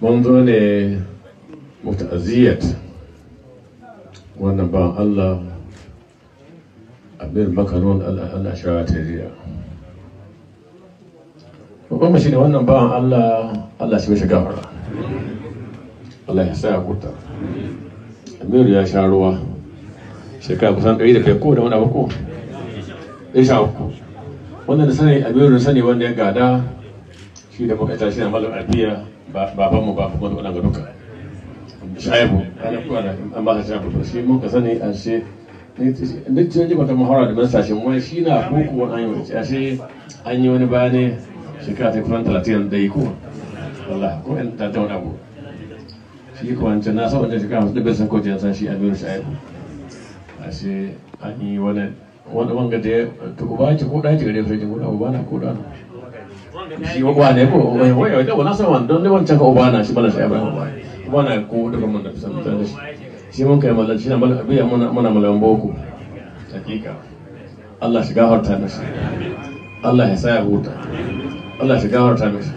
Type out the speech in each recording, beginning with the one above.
mun zo ne mutaziyat wannan ba Allah abin makarun al'ashariya hukumar shi ne wannan bawan Allah Allah shi shi gafara Allah ya sa kuta Amiru ya sha ruwa shekara kusan ɗari da kai ko da wani abu ko? Ya sha uku wannan da sani Amiru sani wanda ya gada shi da muka tashi na malam alfiya baban mu ba kuma da wadanda duka shaibu ana kuwa da an ba shi shaibu to shi muka sani an shi duk cikin jimata mahawara da mun sashi wani shi na huku wani an yi wani ashe an yi wani bayani shekara ta kusan talatin da yi kuma Allah ko in ta ta wani abu shi ko wancan na sa wancan shekara masu dubin san kojin san shi a amiru shaibu ashe an yi wani wanga da ya tuku ba ci ko ɗaci gare su ya ji ko ɗaci ba na ko ɗaci shi wa ne ko wai wai da wannan saman don ne wancan ka ubana shi bala ya abana ubana ko da kuma da san mutane shi shi mun kai mallan shi na mallan abiya muna muna mallan boko hakika Allah shi gafarta mishi Allah ya sa ya huta Allah shi gafarta mishi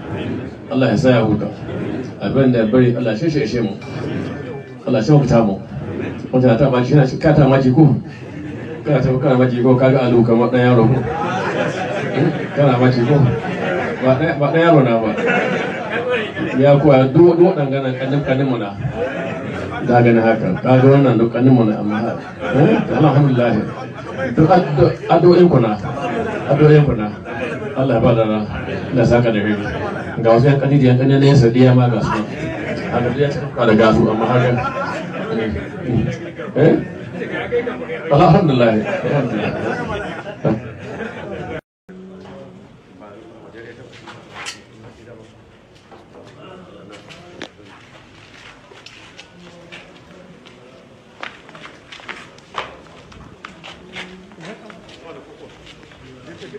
Allah ya sa ya huta abin da bari Allah shi shi shi mu Allah shi hukuta mu wanda ta ba shi na shi kata maji ko kana ta kana maji ko kaga alu kamar dan yaro ko kana maji ko ba ɗaya yaro na ba ya kuwa duk waɗannan kanin kanin muna ta gani haka ta ga wannan duk kanin muna amma eh, alhamdulillah duk addu'o'in ku na addu'o'in ku na Allah ya bada ran da saka da rini ga wasu yan kanidi yan kanin ne sadiya ma ga su a ga ya ta da gasu amma haka eh, eh alhamdulillah alhamdulillah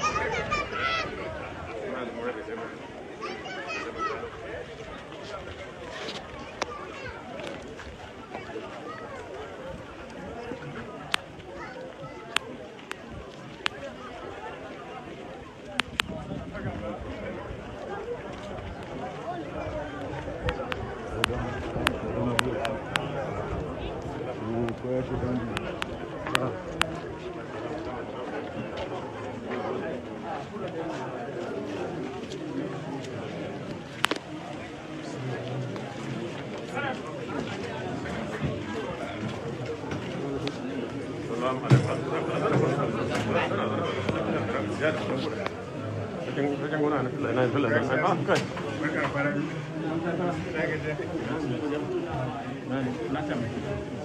啊。vai ajudando. Tá? Thank you.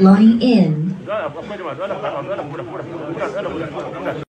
Lying in.